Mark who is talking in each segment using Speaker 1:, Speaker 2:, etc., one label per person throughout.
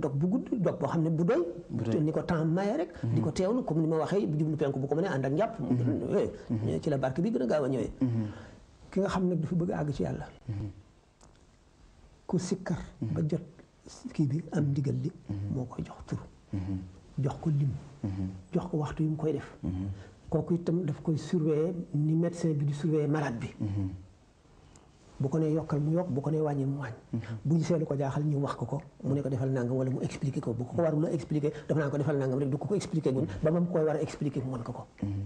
Speaker 1: dog bu gudd dog boo xam ne bu doy ni ko temps maye rek ni mhm. ko na comme ni ma waxee bu jublu penku bu ko mënee ànd ak njàpp mhm. Eh, mhm. ci la barke bi gën a gaaw ki nga xam nag dafa bëgg a ci yàlla ku sikkar ba jot kii bi am ndigal moo koy jox jox ko lim jox ko waxtu yu mu koy def kooku itam daf koy surveiller ni médecin bi di surveiller malade bi bu ko nee yokkal mu yokk bu ko nee wàññi mu wàññ mhm. bu ñu seetlu ko jaaxal ñu wax ko ko mu ne ko defal nangam wala mu expliqué ko bu ko ko warul a expliqué daf naa ko defal nangam rek du ko ko expliqué gun ba moom koy war a expliqué mu mën ko ko mhm.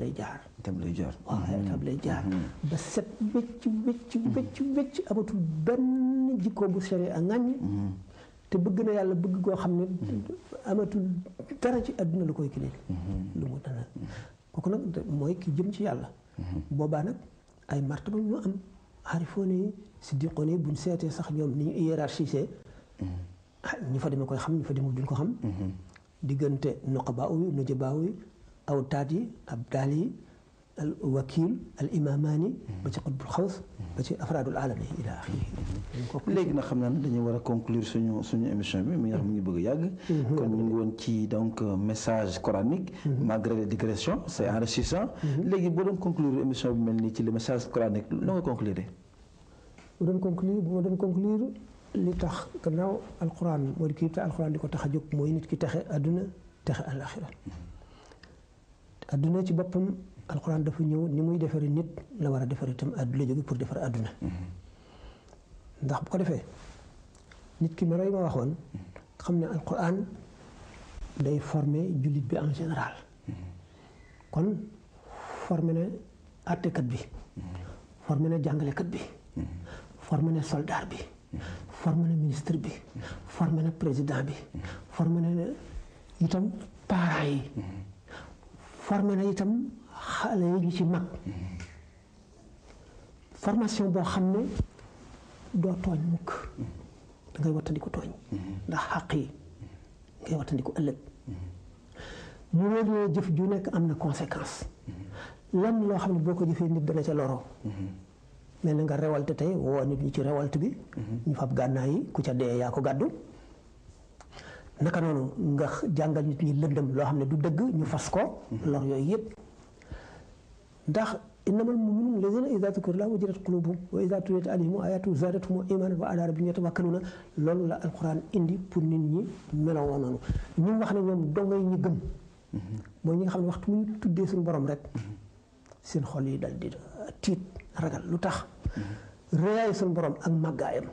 Speaker 1: lay jaar étape lay jaar waaw ay étape lay jaar mhm. ba set wécc wécc wécc wécc amatul bu sere a ŋàññ te bëgg na yàlla bëgg koo xam ne amatul dara ci àdduna lu koy kileel lu mu dana kooku nag mooy kii jëm ci yàlla boobaa nag ay martaba ñu am عارفوني صديقوني بنسات صح يوم ني ايرارشي سي ني فا ديما كو خام ني فا ديما دون كو خام ديغنت نقباوي نجباوي او تادي عبدالي الوكيل الاماماني باتي قطب الخوص باتي افراد العالم الى اخره لكن خمنا دني ورا كونكلور سونو سونو ايميشن بي ميغ مي بغي ياغ كون ني غون تي دونك ميساج كورانيك ماغري لي ديغريسيون سي انريشيسان لكن بولون كونكلور ايميشن بي ملني تي لي ميساج كورانيك نو كونكلوري bu doon conclure bu ma doon conclure li tax gannaaw alquran moo di kii te alquran di ko tax a jóg mooy nit ki texe àdduna texe alaxira àdduna ci boppam alquran dafa ñëw ni muy defaree nit la war a defaree tam àdduna jóge pour defar àdduna ndax bu ko defee nit ki melo yi ma waxoon xam ne alquran day forme jullit bi en général kon forme na àttekat bi formé na jàngalekat bi formé na soldat bi formé na ministre bi formé na président bi formé na itam parents yi formé na itam xale yi ñu ci mag formation boo xam ne doo tooñ mukk da wattandiku tooñ ndax xàq yi ngay wattandiku ëllëg mu ne jëf ju nekk am na conséquence lan loo xam ne boo ko jëfee nit dana ca loroo mel na nga révolte tey woo nit ñi ci révolte bi. ñu fab gànnaay yi ku ca dee yaa ko gàddu. naka noonu nga jàngal nit ñi lëndëm loo xam ne du dëgg ñu fas ko. lor yooyu yëpp ndax. innamal mu'minuuna allaziina izaa zukira llaahu wajilat quluubuhum wa izaa tuliyat alayhim aayaatuhu zaadathum iimaanan wa alaa rabbihim yatawakkaluuna loolu la alquran indi pour nit ñi meloo noonu ñu wax ne ñoom dongay ñi gëm. Mm-hmm. mooy ñi nga xam ne waxtu bu tuddee suñu borom rek mm-hmm. seen xol yi dal di. tiit ragal lu tax rëyaayu suñu borom ak màggaayam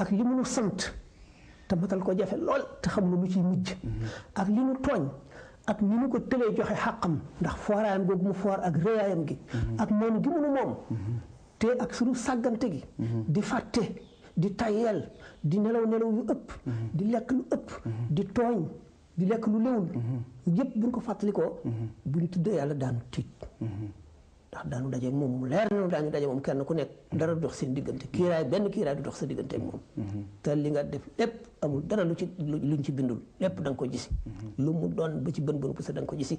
Speaker 1: ak li mu sant te matal ko jafe lool te xam na lu ciy mujj ak li nu tooñ ak ni nu ko tëlee joxe xàqam ndax fooraayam googu mu foor ak rëyaayam gi ak moom gi mu nu moom te ak suñu sàggante gi di fàtte di tayel di nelaw nelaw yu ëpp di lekk lu ëpp di tooñ di lekk lu léwul yépp buñ ko fàttalikoo buñ tuddee yàlla daanu tiit ndax daanu daje moom mu leer na daañu daje moom kenn ku nekk dara dox seen diggante kiiraay benn kiiraay du dox sa diggante ak moom mhm. te li nga def lépp amul dara lu ci luñ ci bindul lépp danga nga ko gisi mhm. lu mu doon ba ci bën bën pusa da nga ko gisi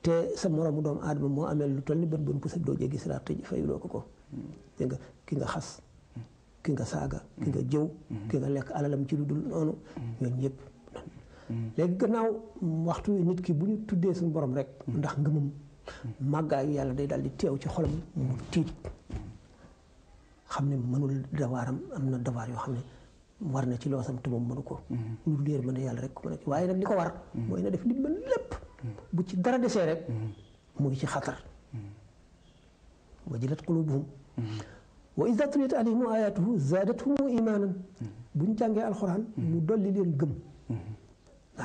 Speaker 1: te sa moromu doomu aadama moo amee lu toll ni bën bën pusa doo jéggi siraat te fay doo ko ko mhm. dégg nga ki nga xas ki nga saaga ki nga jëw ki nga lekk alalam ci lu dul noonu ñooñu ñëpp léegi gannaaw waxtu nit ki bu ñu tuddee suñ borom rek ndax ngëmam màggaayu yàlla day dal di teew ci xolam mu tiit xam ne mënul dawaaram am na dawaar yoo xam ne war na ci loosam te moom mënu ko lu leer mën a yàlla rek ko mën a waaye nag li ko war mooy na def li mën lépp bu ci dara desee rek mu ngi ci xatar wa jilat qulubuhum wa iza tuliyat alayhim ayatuhu zadatuhum imanan buñ jàngee alxuraan mu dolli leen gëm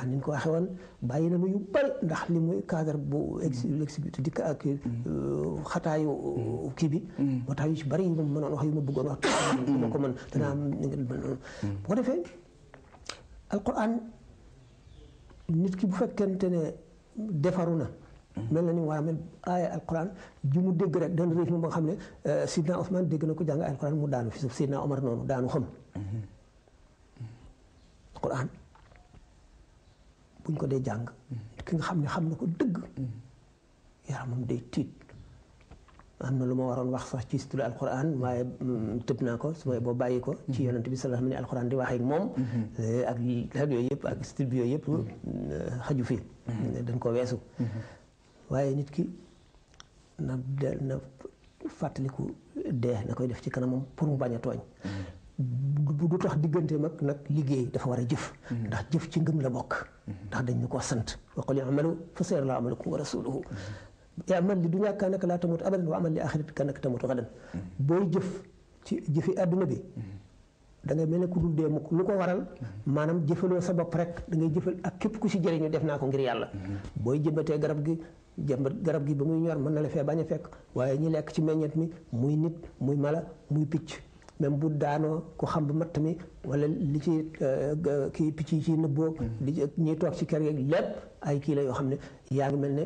Speaker 1: ndax ni ko waxee woon bàyyi na nu yu ndax li muy cadre bu exécutif dikk ak euh, xataayu mm. kii bi mm. moo yu ci bari yu ma mënoon wax yu ma bëggoon wax ma mm. ko mën danaa am defee alquran nit ki bu fekkente ne defaru na mel na ni mu war a mel aaya alquran ji mu dégg rek dana réef moom xam ne euh, Sidna Ousmane dégg na ko jàng alquran mu daanu fi suuf Sidna Omar noonu daanu xam mm-hmm. bu ñu ko dee jàng ki nga xam ne xam na ko dëgg yaramam day tiit am na lu ma waroon wax sax ci studio alquran waaye mm, tëb naa ko su may boo bàyyi ko ci mm-hmm. yonent bi sa sallallahu alayhi alquran di moom ak moom mm-hmm. eh, ak radio yëpp ak studio yëpp mm-hmm. eh, xaju fi dañ ko weesu waaye nit ki na del na fàttaliku dee na koy def ci kanamam pour mu bañ a tooñ du tax diggante mag nag liggéey dafa war a jëf mm-hmm. ndax jëf ci ngëm la bokk mm-hmm. ndax dañ ñu ko sant wa qul i'malu fa sayarallahu amalakum wa rasuluhu mm-hmm. i'mal li dunya kaanaka laa tamut abadan wa amal li axirati kaanaka tamut gadan booy jëf ci jëfi àdduna bi da ngay mel ne ku dul dee lu ko waral maanaam jëfaloo sa bopp rek da ngay jëfal ak képp ku si jëriñu def naa ko ngir yàlla booy jëmbatee garab gi jëmbat garab gi ba muy ñor mën na la fee bañ a fekk waaye ñu lekk ci meññeet mi muy nit muy mala muy picc même bu daanoo ku xam bu matt mi wala li ci euh, kii picc yi ci nëbboo li ñuy toog ci kër yeeg lépp ay kii la yoo xam ne yaa ngi mel ne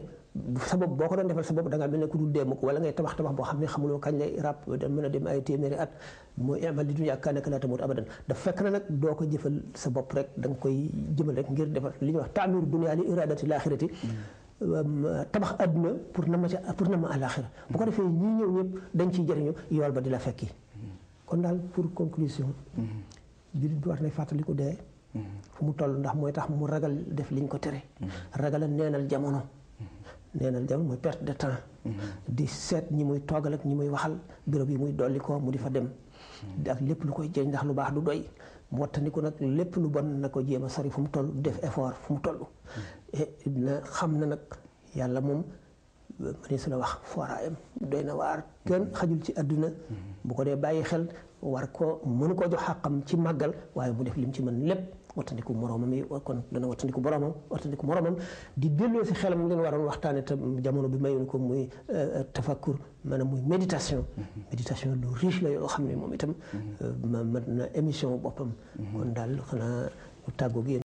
Speaker 1: sa bopp boo ko doon defal sa bopp da ngaa ne ku dul dee mukk wala ngay tabax tabax boo xam ne xamuloo kañ lay ràpp da a dem ay téeméeri at mooy amal li dunyaa kaanaka laa tamuut abadan dafa fekk na nag doo ko jëfal sa bopp rek da koy jëmal rek ngir defal li ñuy wax taamir dunyaa li iradati laaxirati tabax àdduna pour na ma ca pour na ma àlaaxira bu ko defee ñii ñëw ñëpp dañ ciy jëriñu yool ba di la fekki kon daal pour conclusion. jullit bi wax na fàttaliku dee. fu mu toll ndax mooy tax mu ragal def liñ ko tere. ragal a neenal jamono. neenal jamono mooy perte de temps. di seet ñi muy toogal ak ñi muy waxal béréb yi muy dolli ko mu di fa dem. ak lépp lu koy jëñ ndax lu baax du doy. mu wattandiku nag lépp lu bon na ko jéem a sori fu mu toll def effort fu mu toll. Eh, na xam na nag yàlla moom. mënees na wax fooraayam doy na waar kenn xajul ci àdduna bu ko dee bàyyi xel war ko mënu ko jox xàqam ci màggal waaye mu def lim ci mën lépp wattandiku moroomam yi kon dana wattandiku boromam wattandiku moroomam di delloo si xelam leen waroon waxtaane tam jamono bi mayuñu ko muy euh, tafakkur maanaam muy méditation méditation lu riche la yoo xam ne moom itam euh, ma na émission boppam kon daal xanaa gi yéen